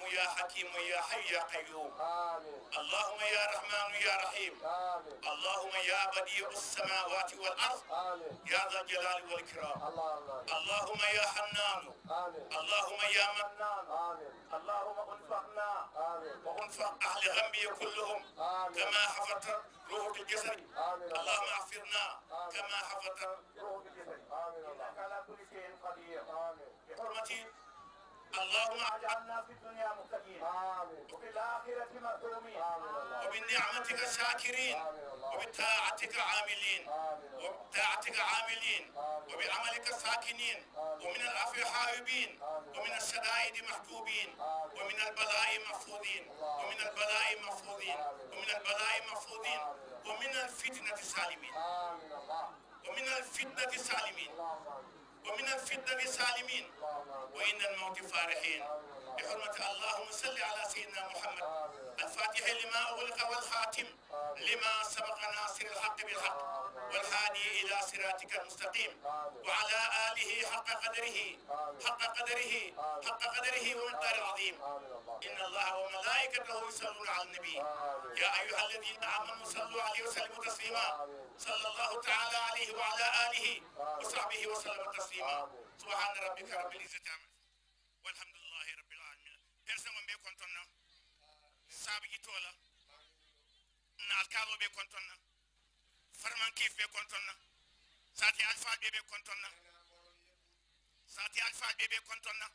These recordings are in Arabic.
حكيم يا حكيم يا حي يا قيوم اللهم يا رحمن يا رحيم اللهم يا بديع السماوات والأرض يا ذا الجلال والإكرام اللهم يا حنان اللهم يا منان اللهم انفقنا وانفق أهل غمي كلهم كما حفظت روح الجسد اللهم اغفرنا كما حفظت روح الجسد إنك على كل شيء قدير بحرمة اللهم اجعلنا في الدنيا متقين وفي الاخره مأثومين وبنعمتك شاكرين وبطاعتك عاملين وبطاعتك عاملين وبعملك ساكنين ومن العفو حاربين ومن الشدائد محجوبين ومن البلاء محفوظين ومن البلاء محفوظين ومن البلاء محفوظين ومن الفتنه سالمين ومن الفتنه سالمين ومن الفتنة سالمين وإن الموت فارحين بحرمة اللهم صل على سيدنا محمد الفاتح لما أغلق والخاتم لما سبق ناصر الحق بالحق والهادي إلى صراطك المستقيم وعلى آله حق قدره حق قدره حق قدره ومقدار العظيم إن الله وملائكته يصلون على النبي يا أيها الذين آمنوا صلوا عليه وسلموا تسليما صلى الله تعالى عليه وعلى آله وصحبه وسلم تسليما سبحان ربك رب العزة والحمد لله رب العالمين saabu jitola na alkalo be kontonna farman kif be kontonna sati alfa be be kontonna sati alfa be be kontonna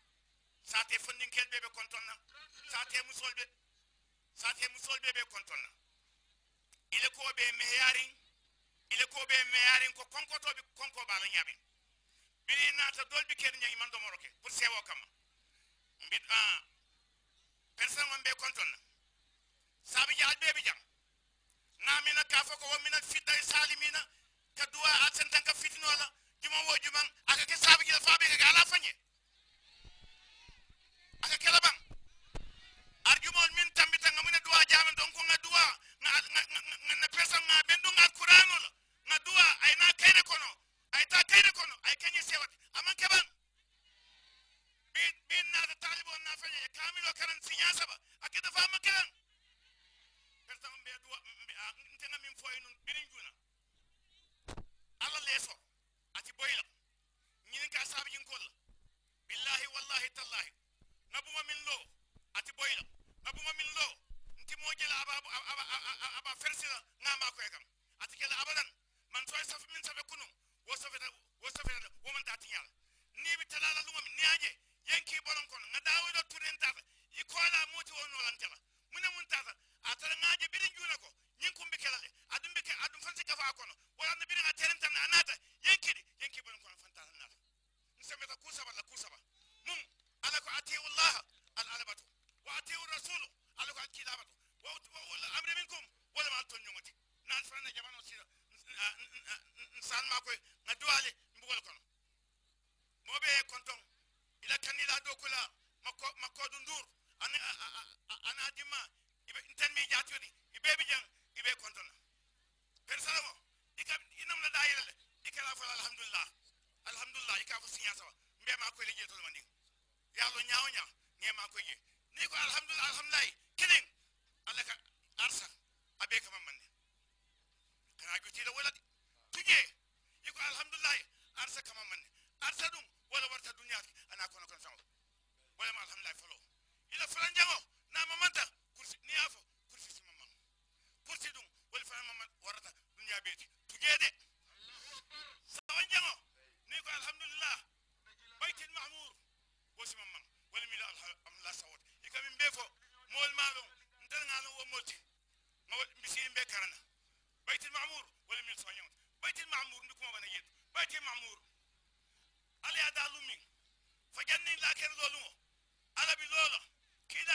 sati kel be be kontonna sati musol be sati musol be be kontonna ile ko be meyari ile ko be meyari ko konkoto be konko ba nyabe bi dol bi ken nyangi man do moroke pour sewo kama mbit ah personne on be kontonna saabi jaal beebi jang naamina kaafo ko womina fiddari salimina ka duwa a sentan ka fitinola juman wo juman aka ke saabi jila faabe kake ala fañe aka kela bang arjumol min tambita nga mune duwa jaamen don ko nga duwa na pesan nga ben nga kuranol nga duwa ay na kayne kono ay ta kayne kono ay kañe sewat aman ke bang bin bin naata taalibon na fañe kamilo karan siña saba akita faama kelan tantang mbe duwa mbe a ntenga min foyi nun birin juna ala leso ati boyla ñinin ka sabi jin kolla billahi wallahi tallahi nabuma min lo atiu rasulu ala ko hakkilamato wawla amre min kom wala ma tol ñogoti nan fanane jamano sino ah, ah, ah, sanma koye ga duwale mbugol kono moɓe konton ila kannila dow kula makkodu ndur ana dimma ten mi jatiyoni iɓeɓe jang iɓe kontona persala mo ika inamna dayilale ikala fol alhamdulillah alhamdulillah ika fo siña sawa mbema koye le jeetoloma ndin yaalo ñawo ña ngema koye jee ni ko alhamdulilah مول مالو ندل نالو ومولتي مول مسيم بكرنا بيت المعمور ولا من صيون بيت المعمور نكما بنيت بيت المعمور علي هذا لومين فجنن لا كير لولو على بلولو كيدا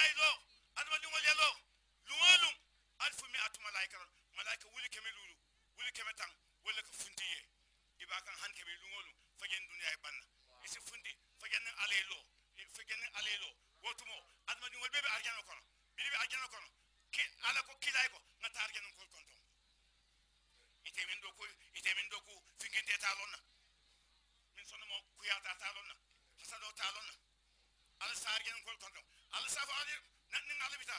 arjana kono biliɓe arjana kono ala ko kilay ko gatta arjana kol kon ite min ɗo ko ite min ɗo ko finginde talonna min sonnomo kuyata talonna hasaɗo talonna ala sa arjana kol kon ton ala safo ala nannin ala bita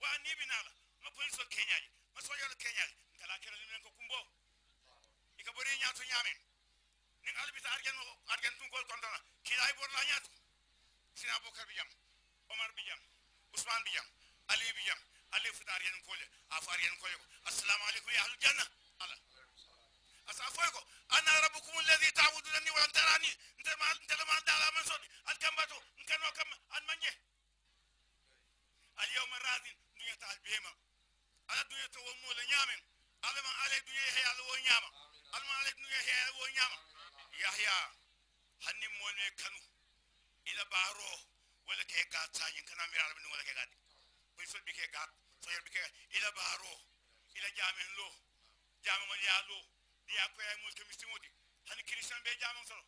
wa niɓinala ma police o keñaji ma sojoɗo keñaji ngala kerali minen ko kumbo ika ɓori ñato ñamen nin albita argen argen tungol kontona kiɗa e ɓorla ñato sina aboucar bi jam omar bi jam عثمان بيام علي بيام علي فتاريان كولي افاريان كولي السلام عليكم يا اهل الجنه الله اسافوكو انا ربكم الذي تعبدونني وان تراني انت ما انت ما انت على من صوت الكمبتو ان كانوا كم ان من اليوم الراضي دنيا تاع بيما على دنيا تو مو لنيامن على ما علي دنيا هي على ونيام على ما علي دنيا هي على ونيام يحيى هني مو كانوا الى بارو walla ke gaat sañin kana miraala ɓe ɗugola ke gaat boy fel bi ke gaat sayer bi ke gaat ila baaro ila jaamen loo jaamen on yaa loo ɗiya koya mol to mistimodi hani christian ɓe jaamen solo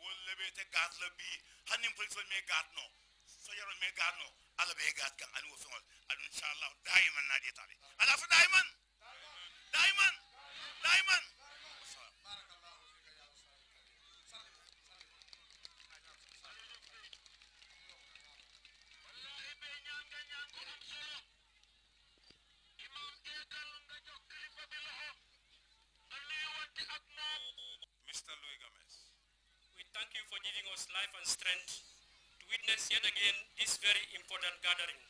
wolle ɓe te gaat la bi hannin polisol me gaat no sayeron me gaat no ala ɓe gaat kan ani wo feŋol aɗu inchallahu daiman naadi e taale ala fo daiman daiman daiman thank you for giving us life and strength to witness yet again this very important gathering.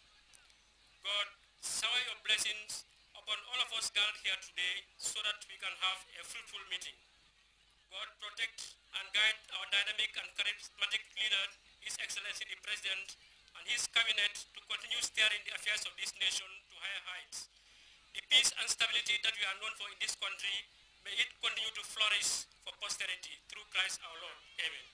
God, shower your blessings upon all of us gathered here today so that we can have a fruitful meeting. God, protect and guide our dynamic and charismatic leader, His Excellency the President, and his cabinet to continue steering the affairs of this nation to higher heights. The peace and stability that we are known for in this country May it continue to flourish for posterity through Christ our Lord. Amen.